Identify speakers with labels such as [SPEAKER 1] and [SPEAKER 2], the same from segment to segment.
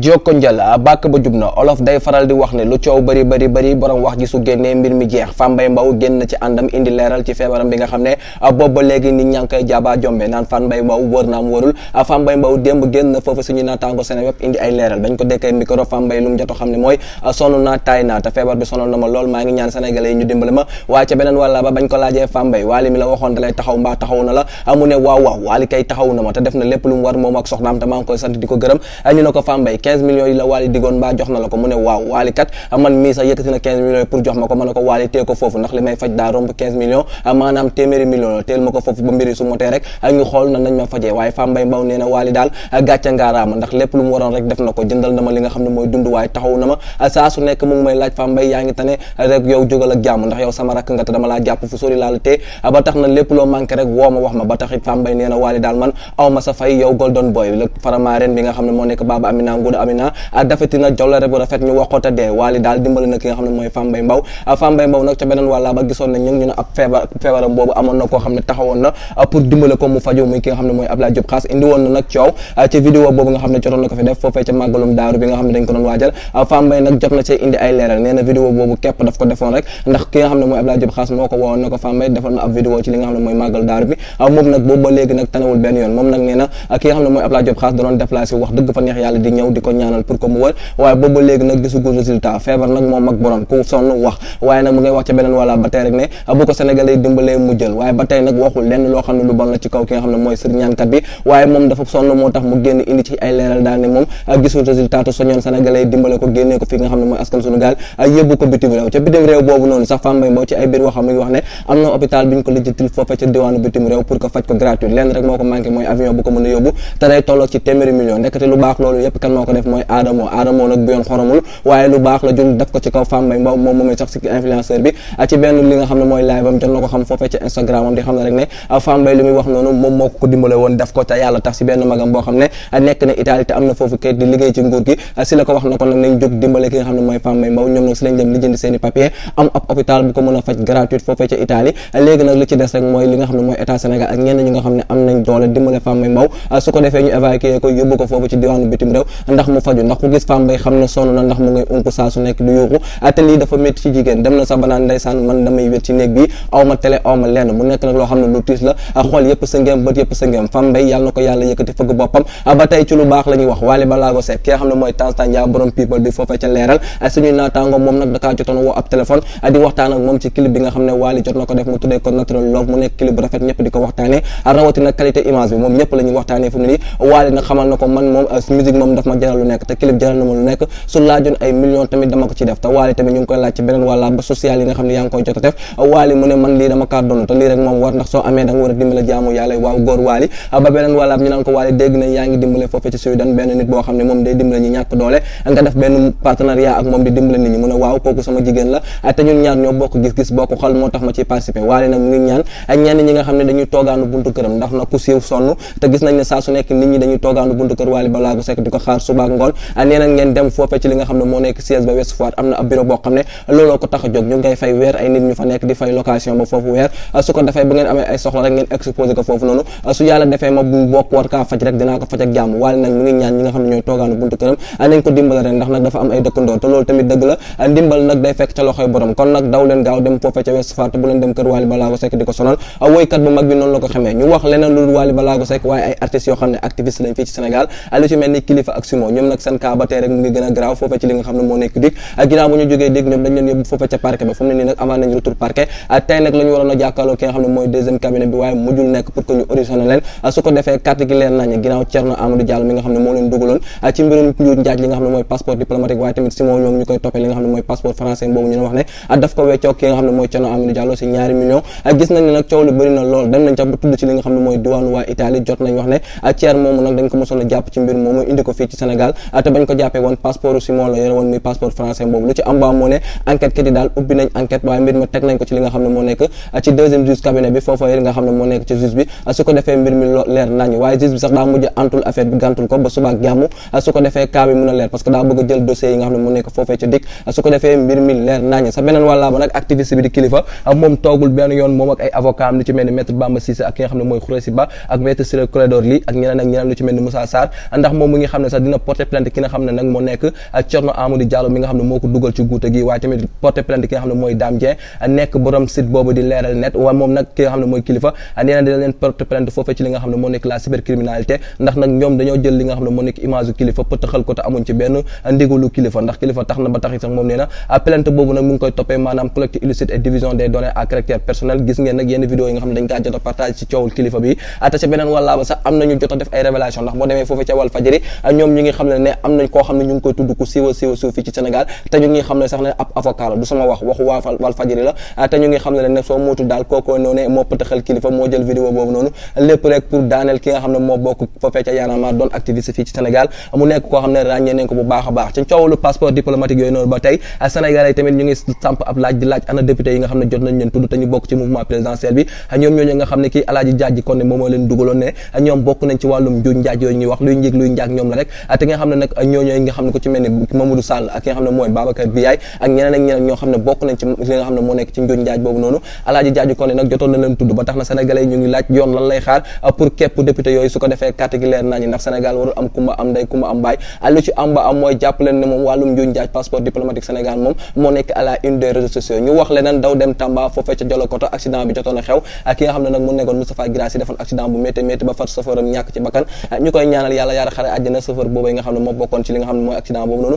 [SPEAKER 1] jokko njël bàkk ba jub na olof day faral di wax ne lu coow bëri bëri bëri borom wax ji su génnee mbir mi jeex Fambaye Mbow génn na ci àndam indi leeral ci feebaram bi nga xam ne ah, boobu ba léegi nit ñaa ngi koy jaaba jombe naan Fambaye Mbow wër naam wërul ah, Fambaye Mbow démb génn na foofu suñu naataango Seneweb indi ay leeral bañ ko dékkee micro Fambaye lu mu jot a xam ne mooy ah, sonn naa taay naa feebar bi sonal na ma lool maa ngi ñaan sénégalais yi ma waaye ca beneen wàlla ba bañ ko laajee Fambaye la na ma te na lépp lu mu war moom 15 millions yi la Wally digoon mbaa jox na la ko mu ne waaw Wally kat man mii sax yëkkati millions yi pour jox ma ko ma ko Wally tee ko foofu ndax li may faj daa romb 15 millions maanaam téeméeri millions la ma ko foofu ba mbiri su motee rek ñu xool na ma li nga xam ne mooy dund waaye taxaw na ma saa su nekk mu may laaj Fambaye yaa ngi tane rek yow jógal ak jàmm ndax yow sama rakk nga te dama laa jàpp fu sori laa la Maodo Amina ah, dafetina jollare bu rafet ñu waxoota dee waali daal dimbali na ki nga xam ne mooy Fambaye Mbaw ah, Fambaye Mbaw nag ca beneen wàlla ba gisoon na ñu ngi ñu ne ab feebar feebaram boobu amoon na koo xam ne taxawoon na ah, pour dimbale ko mu faju muy ki nga xam ne mooy Abdoulaye Diop Khass indi woon na nag coow ci vidéo boobu nga xam ne jotoon na ko fi def foofee ca màggalum daaru bi nga xam ne dañ ko doon waajal Fambaye nag jot na cee indi ay leeral nee na vidéo boobu képp daf ko defoon rek ndax ki nga xam ne mooy Abdoulaye Diop Khass moo ko woowoon na ko Fambaye defoon na ab vidéo ci li nga xam ne mooy màggal daaru bi moom nag boobu ba léegi nag tanawul benn yoon moom nag nee na ki nga xam ne mooy Abdoulaye Diop Khass da doon déplacé wax dëgg fa neex yàlla di ñëw di ko ñaanal pour que mu wër waaye booba léegi nag gisugul résultat feebar nag moom ak borom ku sonn wax waaye nag mu ngay wax ci beneen wala ba tey rek ne bu ko dimbalee mu jël waaye ba tey nag waxul lenn loo xam ne lu bon la ci ay leeral daal ne moom ah, gisul résultat soñoon sénégalais dimbale ko génnee ko fi nga xam ne mooy askan suñu gaal ah, yóbbu ko bitim réew ca bitim réew boobu noonu sax Fambaye Mbow ci ay biir waxam ngi wax ne am moo ko def mooy Adamo Adamo nag bu yoon xoromul waaye lu baax la jun def ko ci kaw Fane Mbaye Mbow moom ah, ah, moom moo ko dimbale woon def ko te yàlla tax si benn magam boo xam ne ah, nekk na Italie te am na foofu kayit di liggéey ci nguur gi si la ko wax na ko nag nañ jóg dimbale ki nga xam ne mooy Fane Mbaye Mbow ñoom nag si lañ dem lijjanti seen i papier am ab hôpital bu ko mën a faj gratuite foofee ca Italie léegi nag li ci des rek mooy li nga xam ne mooy état ndax mu faju ndax ku gis Fane Mbaye xam ne sonn na ndax mu ngay ump saa su nekk du yuuxu ah, te lii dafa métti ci jigéen dem na sa banaan ndeysaan man damay wét ci néeg bi aw ma télé lenn mu nekk la jot na ko def mu tuddee ko natural love mu nekk clip bu rafet ñëpp di ko waxtaane ah, rawatina qualité image bi moom ñëpp la ñuy fu mu nii Wally nag xamal na ko man moom ah, moom daf ma jaral lu nekk te clip jaral na ma lu nekk su laajoon ay millions tamit dama ko ci def te waali tamit ñu ngi koy laaj ci beneen wàlla ba social yi nga xam ne yaa ngi koy jot a def waali mu ne man lii dama kaa doon te lii rek moom war ndax soo amee da nga war a dimbale jaamu yàlla waaw góor waali ba beneen wàlla ñu naan ko waali dégg nañ yaa ngi dimbale foofu ci Sudan benn nit boo xam ne moom day dimbale ñi ñàkk doole nga def benn partenariat ak moom di dimbale nit ñi mu ne waaw kooku sama jigéen la te ñun ñaar ñoo bokk gis-gis bokk xol moo tax ma ciy participer waali nag mu ngi ñaan ak ñenn ñi nga xam ne dañuy toogaanu buntu këram ndax na ku siiw sonn te gis nañ ne saa su nekk nit ñi dañuy toogaanu buntu kër waali balaa ko sekk di ko xaar suba ngoon ah, nee na ngeen dem foofe ci li nga xam ne moo nekk siège ba Ouest Foire am na bureau boo xam ne looloo ko tax a ñu ngay fay weer ay nit ñu fa nekk di fay location ba foofu weer ah, su ko defee bu ngeen amee ay soxla rek ngeen exposé ko foofu noonu ah, su yàlla defee ma bokk war kaa faj rek dinaa ko faj ak jàmm waaye nag mu ngi ñaan ñi nga xam ne ñooy toogaanu buntu këram nañ ko dimbal ren ndax nag dafa am ay dëkkandoo te loolu tamit Mermoz moom ah, ah, ah, ñu koy toppee li nga xam ne mooy passeport français boobu ñu ne wax ne daf ko weccoo ki nga xam ne mooy Thierno Amadou Diallo si ñaari millions gis nañ ne nag coow lu bëri lool dem nañ sax ba tudd ci li nga xam ne mooy diwaanu waa jot nañ wax ne Thierno moomu nag dañ ko mosoon a jàpp ci mbir moomu indi ko fii ci Sénégal Sénégal moom moom ak avocat am lu ci mel ni maître Bamba Cissé ak ki nga xam ne ak maître Ciré Clédor Ly ak ñeneen ak lu ci mel ni Moussa Sarr ah, ndax moom mu ngi xam ne sax dina porté plainte ki nga xam ne nag moo nekk euh, Thierno Amadou Diallo mi nga xam ne moo ko dugal ci guute gi waaye tamit porté plainte ki nga xam ne mooy Dame Dieng euh, nekk borom site boobu di leeral net waaye moom nag ki nga xam euh, ndax nag ñoom dañoo jël li nga xam ne moo nekk image kilifa pëtëxal ko te amuñ ci benn ndigalu kilifa ndax kilifa tax na ba tax sax moom nee na plainte boobu nag mu ngi koy toppee maanaam collecte illicite et division des xam ne ne am nañ koo xam ne ñu ngi koy tudd ku siiw a a siiw fii ci Sénégal te ñu ngi xam ne wax waxu waa Walf Fadjri la ah, te ngi xam ne ne soo mootu kilifa moo jël vidéo boobu noonu lépp rek pour daaneel ki ne moo bokk foofee ca yaanaama doon activiste nekk koo xam a baax ci coowalu passeport diplomatique yooyu noonu ba tey ah, Sénégalais yi tamit ñu ngi samp ab laaj ne jot nañ leen tudd te ñu bokk ci mouvement présidentiel bi ah, ne kii alaaji jaaj kon ne moom moo leen dugaloon ne ñoom bokk nañ ci wàllum njuuj njaaj yooyu ñuy wax luy njig luy njaag ñoom la rek te lu ci am ba am mooy jàpp leen ne moom wàllum njuuj njaaj passeport diplomatique Sénégal moom moo nekk à une des réseaux sociaux ñu wax leneen daw dem Tamba foofee ca Jolokoto accident bi jotoon a xew ak ki nga xam ne nag mu nekkoon Moustapha Guirassy defoon accident bu métti métti ba far safaram ñàkk ci bakkan ñu koy ñaanal yàlla yaara xare àjjana safar boobu boobu yi nga xam ne moo bokkoon ci li nga xam ne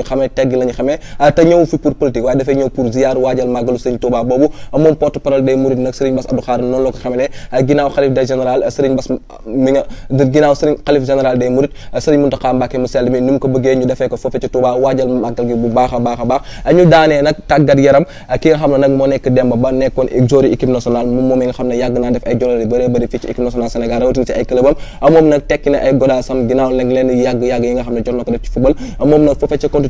[SPEAKER 1] ñu xamee tegg la ñu xamee ah, ñëw fi pour politique waaye dafay ñëw pour ziar waajal màggalu sëñ Touba boobu moom nag Serigne ay jolori bëri bëri fii ci équipe ah, xam ne jot na def ci football ah, moom nag foofu ci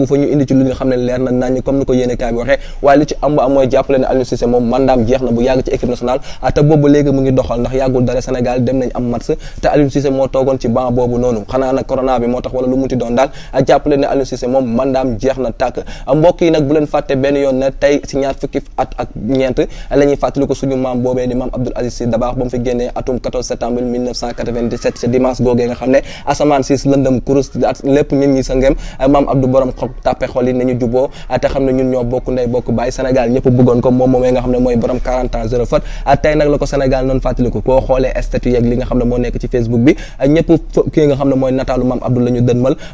[SPEAKER 1] yóbbu fa ñu indi ci lu nga xam ne leer na nañ comme ni ko yéene kaay bi waxee waaye li ci am ba am mooy jàppale ne ah, ah, moom mandaam jeex na tàkk ah, mbokk yi nag bu leen fàtte benn yoon ne tey si ñaar fukki at ak ñeent la ñuy fàttali ko suñu maam boobee di maam Abdoul Aziz Sy ba mu fi génnee atum 14 septembre 1997 ca dimanche googee nga xam ne asamaan si lëndëm kurus lépp ñit ñi sa ngem maam Abdou borom xob tàppe xol yi nañu juboo te xam ne ñun ñoo bokk ndey bokk bàyyi Sénégal ñëpp bëggoon ko moom moomee nga xam ne mooy borom 40 ans zéro ah, tey nag la ko Sénégal noonu fàttaliku koo xoolee statut moo nekk ci Facebook bi ah, ñëpp kii nga xam ne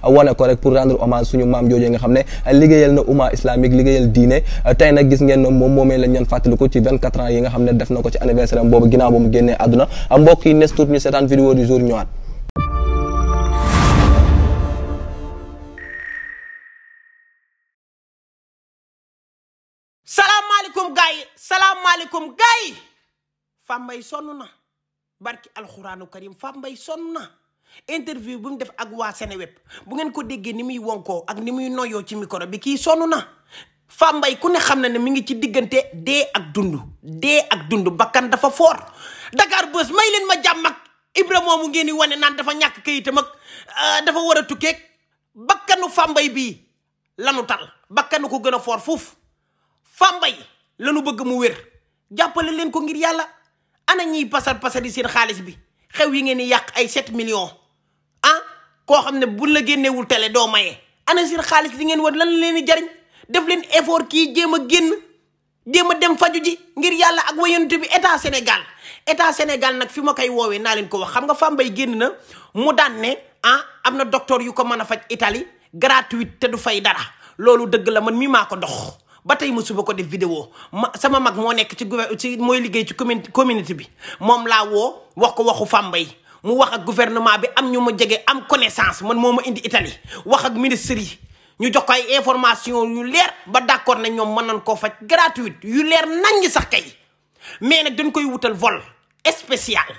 [SPEAKER 1] ah, ko rek pour rendre hommage suñu maam jooju nga xam ne liggéeyal na umma islamique liggéeyal diine tey nag gis ne moom moomee lañ ñoon yi nga xam ne def na ko ci anniversaire boobu ginnaaw ba mu génnee àdduna mbokk yi nes tuut ñu seetaan vidéo du jour ñëwaat
[SPEAKER 2] asalaamaaleykum gars yi Fambaye sonn na barki alxuraanu karim Fambaye sonn na interview bu mu def ak waa Seneweb bu ngeen ko déggee ni muy wonkoo ak ni muy noyoo ci micro bi kii sonn na Fambaye ku ne xam na ne mi ngi ci diggante dee ak dund dee ak dund bakkan dafa foor Dakar Buzz may leen ma jàmm ak Ibra moomu ngeen di wane naan dafa ñàkk kayitam ak euh, dafa war a tukkeeg bakkanu fambay bii lanu tal bakkanu ko gën a foor fuuf Fambaye lanu bëgg mu wér jàppale leen ko ngir yàlla ana ñiy pasar pasari seen xaalis bi xew yi ngeen di yàq ay 7 million ah koo xam ne bu la génnewul télé doo maye ana seen xaalis bi ngeen war lan la leen di jariñ def leen effort kii jéem a génn jéem a dem faju ji ngir yàlla ak wayante bi état Sénégal état Sénégal nag fi ma koy woowee naa leen ko wax xam nga Fambaye génn na mu daan ne ah am na docteur yu ko mën a faj itali gratuite te du fay dara loolu dëgg la man mii maa ko dox. ba tey mosuma ko def vidéo ma sama mag moo nekk ci gouver ci mooy liggéey ci commune communauté bi moom laa woo wax ko waxu Fambaye mu wax ak gouvernement bi am ñu ma jege am connaissance man moo ma indi Italie wax ak ministre yi ñu jox ko ay information yu leer ba d'accord na ñoom mën nañ koo faj gratuite yu leer naññ sax kay mais nag dañ koy wutal vol espécial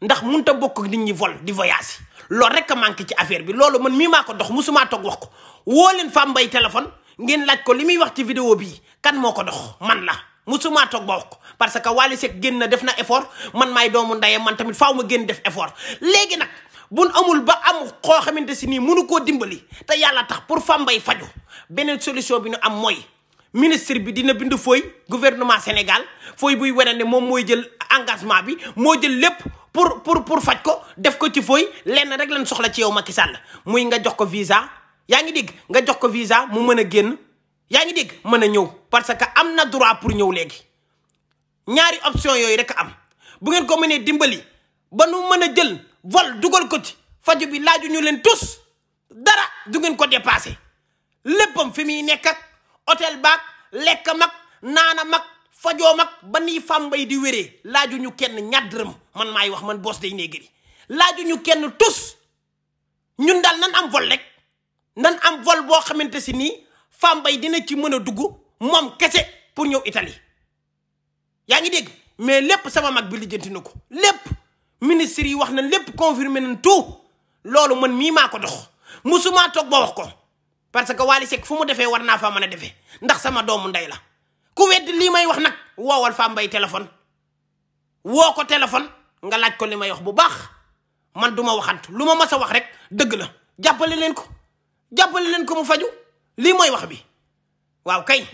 [SPEAKER 2] ndax mun ta bokk ak nit ñi vol di voyage loolu rek a manqué ci affaire bi loolu man mii maa ko dox mosumaa toog wax ko woo leen Fambaye téléphone ngeen laaj ko li muy wax ci vidéo bi kan moo ko dox man la musuma toog ba wax ko parce que Wally Seck génn na def na effort man maay doomu ndeyam man tamit faaw ma génn def effort léegi nag buñ amul ba am xoo xamante si nii mënu koo dimbali te yàlla tax pour Fambaye faju beneen solution bi ñu am mooy ministre bi dina bind fooy gouvernement Sénégal fooy buy wane ne moom mooy jël engagement bi moo jël lépp pour pour pour faj ko def ko ci fooy lenn rek lañ soxla ci yow Macky Sall muy nga jox ko visa yaa ngi dégg nga jox ko visa mu mën a génn yaa ngi dégg mën a ñëw parce que am na droit pour ñëw léegi ñaari option yooyu rek am bu ngeen ko mënee dimbali ba nu mën a jël vol dugal ko ci faju bi laaju ñu leen tous dara du ngeen ko dépassé léppam fi muy nekk ak hôtel baak lekk mag naana mag fajoo mag ba nii bay di wéree laaju ñu kenn ñàddërëm man maay wax man boos day néegri laaju ñu kenn tous ñun daal nan am vol rek nan am vol boo xamante si nii mbay dina ci mën a dugg moom kese pour ñëw itali yaa ngi dégg mais lépp sama mag bi lijjanti ko lépp ministre yi wax na lépp confirmé nañ tout loolu man mii maa ko dox musuma toog ba wax ko parce que Wally Seck fu mu defee war naa faa mën a defee ndax sama doomu ndey la ku wedd lii may wax nag woowal faa mbay téléphone woo ko téléphone nga laaj ko li may wax bu baax man duma ma waxant lu ma mas a wax rek dëgg la jàppale leen ko jàppale leen ko mu faju lii mooy wax bi waaw kay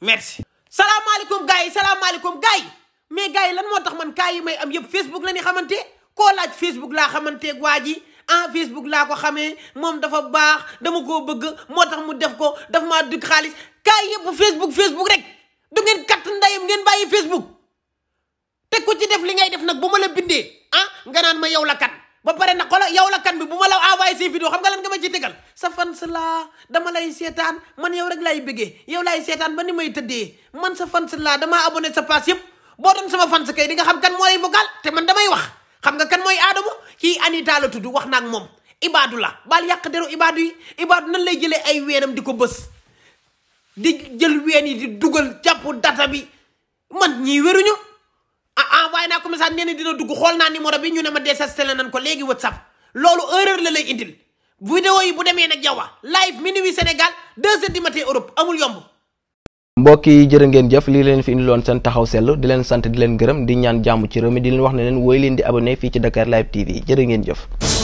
[SPEAKER 2] merci. salaamaaleykum gars yi salaamaaleykum gars yi mais gaay yi lan moo tax man kaa yi may am yëpp Facebook la ñu xamante koo laaj Facebook laa xamanteeg waa ji ah Facebook laa ko xamee moom dafa baax dama koo bëgg moo tax mu def ko daf maa dugg xaalis kaa yëpp Facebook Facebook rek du ngeen katt ndayam ngeen bàyyi Facebook te ku ci def li ngay def nag bu ma la bindee ah nga naan ma yow la kat. ba pare na xolo yow la kan bi bu ma la envoyé say vidéo xam nga lan nga ma ci tegal sa fans laa dama lay seetaan man yow rek laay bëggee yow laay seetaan ba ni may tëddee man sa fans laa dama abonné sa page yëpp boo doon sama fans kay di nga xam kan mooy vocal te man damay wax xam kan mooy Adamo kii Anita la tudd wax naa moom ibaadu la baal yàq deru ibaadu yi ibaadu nan lay jëlee ay weenam di ko bës di jël ween yi di dugal jàpp data bi man ñii wéruñu ah, ah envoyé naa ko message nee na dina dugg xool naa numéro bi ñu ne ma désestelé nañ ko léegi WhatsApp loolu erreur la lay indil vidéo yi bu demee nag jawwa ah, live minuit Sénégal deux di du matin Europe amul yomb
[SPEAKER 1] mbokk yi jërë ngeen jëf lii leen fi indiloon seen taxaw seetlu di leen sant di leen gërëm di ñaan jàmm ci réew mi di leen wax ne leen wooy leen di abonné fii ci Dakar Live TV jërë ngeen jëf